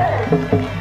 Thank you.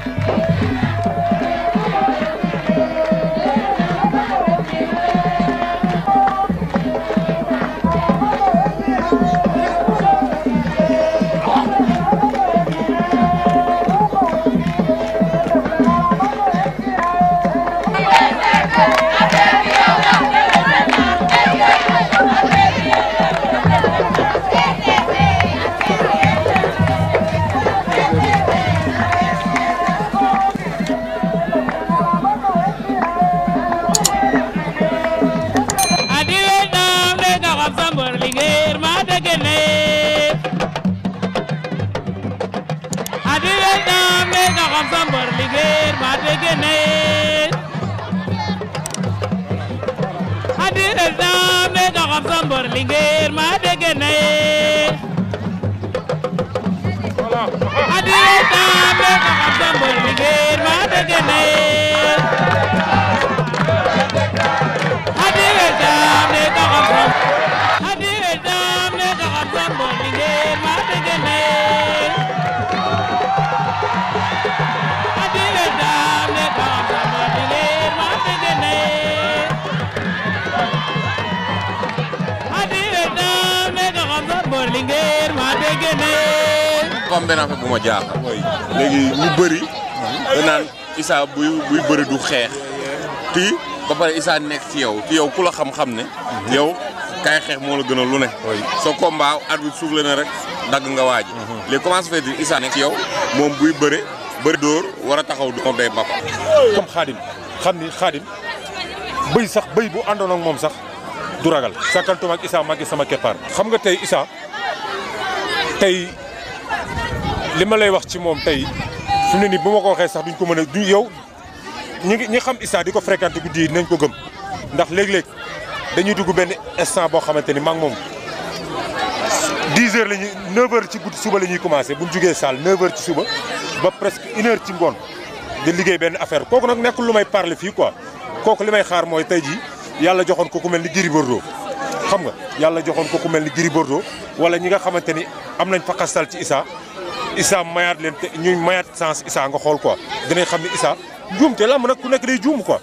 gene adir esam ne doxam sambor lingeer ma degene adir esam ne doxam sambor lingeer ma degene Linguère maa dégg bu ma jaaxal. mooy léegi ñu bëri. da naan Issa buy buy bëri du xeex. ti ba pare Issa nekk ci yow ci yow ku la xam-xam ne. yow kaay xeex moo la gën a lu ne. sa combat arbitre soufflé na rek dagg nga waaj. Mhm. léegi comment se fait-il Issa nekk ci yow moom buy bëre bëri dóor war a taxaw du moom day mbap. comme xaadim xam ni xaadim bëy sax bëy bu àndoon moom sax du ragal. sàkkantum ak Issa maa sama keppaar. xam nga tey Issa. tey li ma lay wax ci moom tey fu ne nii bu ma ko waxee sax duñ ko mën a du yow ñi ñi xam Issa di ko fréquenté guddi yi nañ ko gëm ndax léeg-léeg dañuy dugg benn instant boo xamante ni maa moom 10 heures la ñuy 9 heures ci guddi suba la ñuy commencé bu ñu jugee salle 9 heures ci suba ba presque une ci ngoon di liggéey benn affaire kooku nag nekkul lu may parle fii quoi kooku li may xaar mooy tey jii yàlla joxoon ko ku mel ni Gris Bordeaux xam nga yàlla joxoon ko ku mel ni Gris wala ñi nga xamante ni am nañ fa ci Issa Issa mayaat leen te ñuy mayaat sens Issa nga xool ko danay xam ni Issa juum te làmb nag ku nekk day juum quoi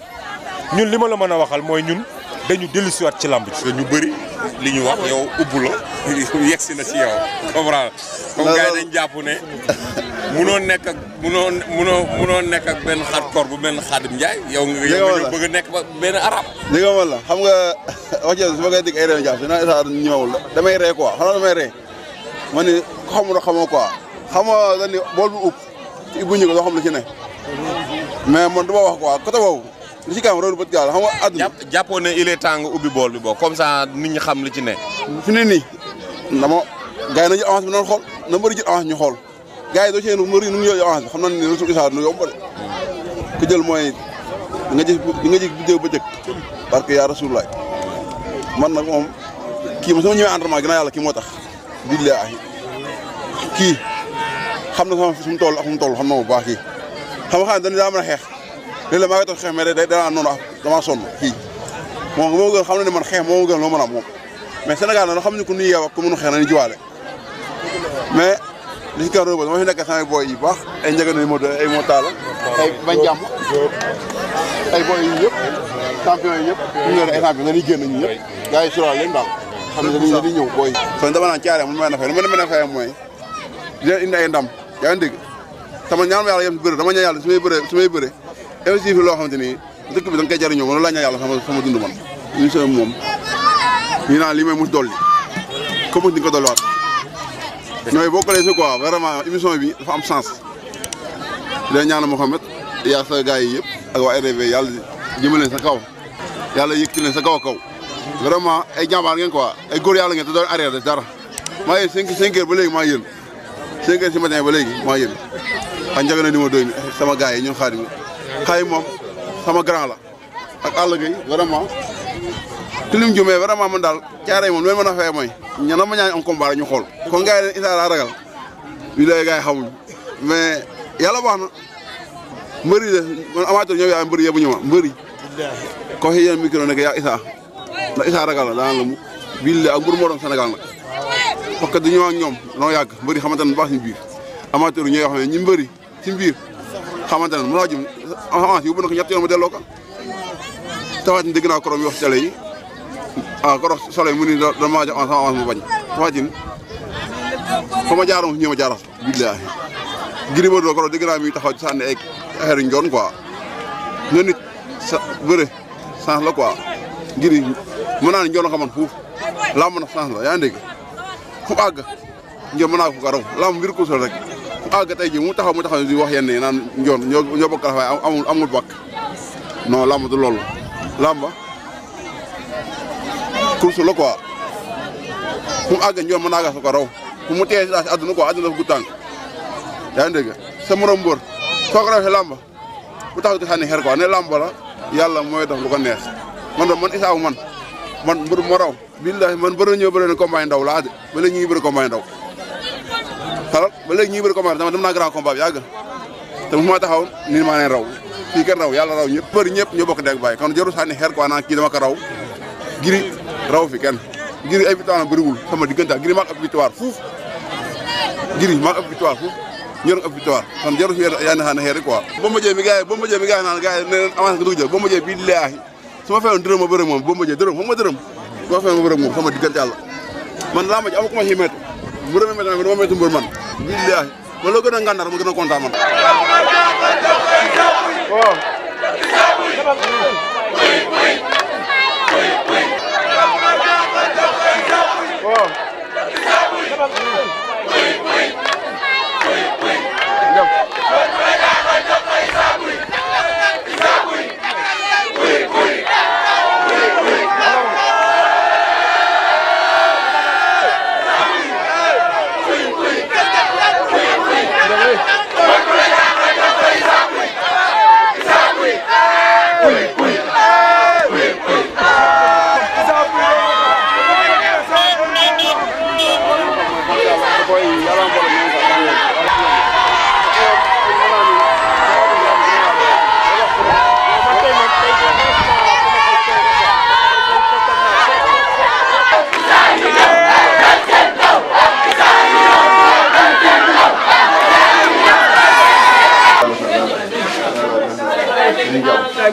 ñun li ma la mën a waxal mooy ñun dañu dellusiwaat ci ci ji. ñu bëri li ñu wax yow ubbu la yegsi na ci yow comprendre comme dañ jàpp ne munoo nekk ak munoo munoo munoo nekk ak benn hardcore bu benn Xaadim Njaay yow nga bëgg a nekk ba benn arab li xam nga wax jo su ma koy dégg ay réew jàpp dinaa isa ñëwul damay xam na damay ree ma ni ko xamul xamoo quoi xamoo dañ ni bool bu ub ci ubbu doo xam la ci ne mais man du ma wax quoi côté boobu li ci kanam roolu bët gaaw la xam nga àdduna. jàppoo ne il est temps nga ubbi bool bi boo comme ñi xam li ci ne. fi ne nii dama gars yi nañu avance bi noonu xool na mbëri jël avance ñi xool gars yi doo ci yéen mbëri nu mu jël avance bi xam nu yomb de ku jël mooy di nga ji di nga ji guddee que yaa rasulilah man na moom kii ma sama ñëwee entraînement gën a yàlla kii moo tax billaahi kii xam na sama fi mu toll ak fu mu xam na bu baax kii xam nga xam ne xeex léeg-léeg maa ngi toog xeex mais day danaa noonu ah damaa sonn fii moom moo gën xam na xeex a am moom mais Sénégal nag xam ne ku nuy yeew ak ku mënu xeex mais li ci kaw rëbb dama fi nekk sama boy yi baax ay njëgën yu mot ay motaal ay bañ jàmm ay boy yi yëpp champion yi yëpp ñu ngi leen yi suraal leen daal xam ne dañuy dañuy ñëw boy kon dama naan caare man mën na fay man mën na fay mooy di leen indi ay ndam yaa ngi dégg sama ñaan yàlla yem si bëre dama ñaan yàlla su may bëree investir fi loo xamante ni dëkk bi da nga koy jariñoo loolu laa ñaan yàlla sama sama dund man ñu moom ñu naan li may mu dolli ko mos ni ko dolliwaat nooy boo ko defee bi dafa am sens day ñaana Mouhamed yaa sa gars yi yëpp ak waa RDV yàlla jëmale leen sa kaw yàlla yëkkati leen sa kaw a kaw vraiment ay jàmbaar ngeen quoi ay góor yàlla ngeen te doon arrière de dara maa yéen cinq cinq heures ba léegi maa yéen cinq heures si maa yéen ak njëg na ni ma sama gars yi ñoo xaar xay moom sama grand la ak àll gay vraiment te lim jumee vraiment man daal caare moom lu mën a fay mooy ñana ma ñaan am combat ñu xool kon gars yi leen Issa laa ragal yu lay gars yi xamuñ yàlla baax na mbëri de man amateur ñëw yaa mbëri yebu ñu mbëri ko xëy yéen micro nekk yaa Issa ndax Issa ragal la daan la mu bille ak mbër moo doon Sénégal que dañoo ak ñoom noo yàgg mbëri xamante ne baax suñu biir amateur ñooy wax ne ñu mbëri ci xamante ne mën naa jëm avance yóbbu na ko ñett yoon mu delloo ko tawatin dégg naa korom yi wax télé yi ah korom solo yi mu ni dama jox mu fa ma jaaroon fi ñëw ma jaaras ko billaahi Gris Bordeaux korom naa mi taxaw ci sànni ay xeeru njoon quoi ñoo nit sa bëre sens la quoi Gris mën naa ne njoon xaman fuuf làmb na sens la yaa ngi fu àgg njëm mën naa ko ko raw mbir kuusal rek àgg tey ji mu taxaw mu taxaw di wax yenn yi naan njoon ñoo ñoo bokk laxawaay amul amul bakk non làmb du loolu làmba course la quoi mu àgg njoon mën naa gas ko raw fu mu tee si àdduna quoi àdduna dafa gudd tànk yaa ngi dégg sa morom mbër soo taxaw di sànni xeer quoi ne làmba la yàlla mooy def lu ko neex man man isaaw man man mbër moo billahi man bëri na ñëw bëri ndaw laa de ba la ñuy ndaw xalal ba léegi ñuy bëri combat na dem naa grand combat bi yàgg te bu ma taxaw nii maa raw fii raw yàlla raw ñëpp për ñëpp ñoo bokk dégg bàyyi kon jarul sànni xeer quoi naan kii ko raw giri raw fi kenn giri ay victoire bëriwul sama diggante giri maa ëpp victoire fuuf giri maa ëpp victoire fuuf ñor nga ëpp victoire kon jarul fi ma jëe mi gars yi boo ma jëe mi gars yi naan gars yi ne avance nga dugg jël boo ma jëe bii leaahi ma feewoon dërëm ma bëri moom boo ma jëe dërëm ma feewoon ma bëri moom sama diggante yàlla man laa ma bu doon métti nag dama métti mbër man. billaahi ba loo gën a ngàndar ma gën a kontaan man. waaw.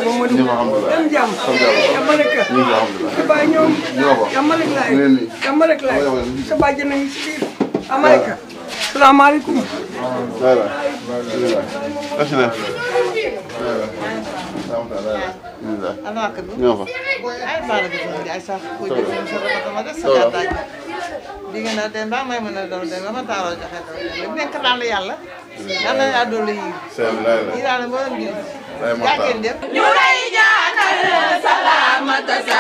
Mamadou dem jàmm jàmm rek sa baay ñoom jàmm rek laay jàmm rek laay sa baay jënd nañu si biir Amérique salaamaaleykum voilà voilà alhamdulilah. alhamdulilah. yal na yàlla dolli yiw. seen lay la lii daal la mboolem bi. lay mokk ñu lay ñaanal salaamata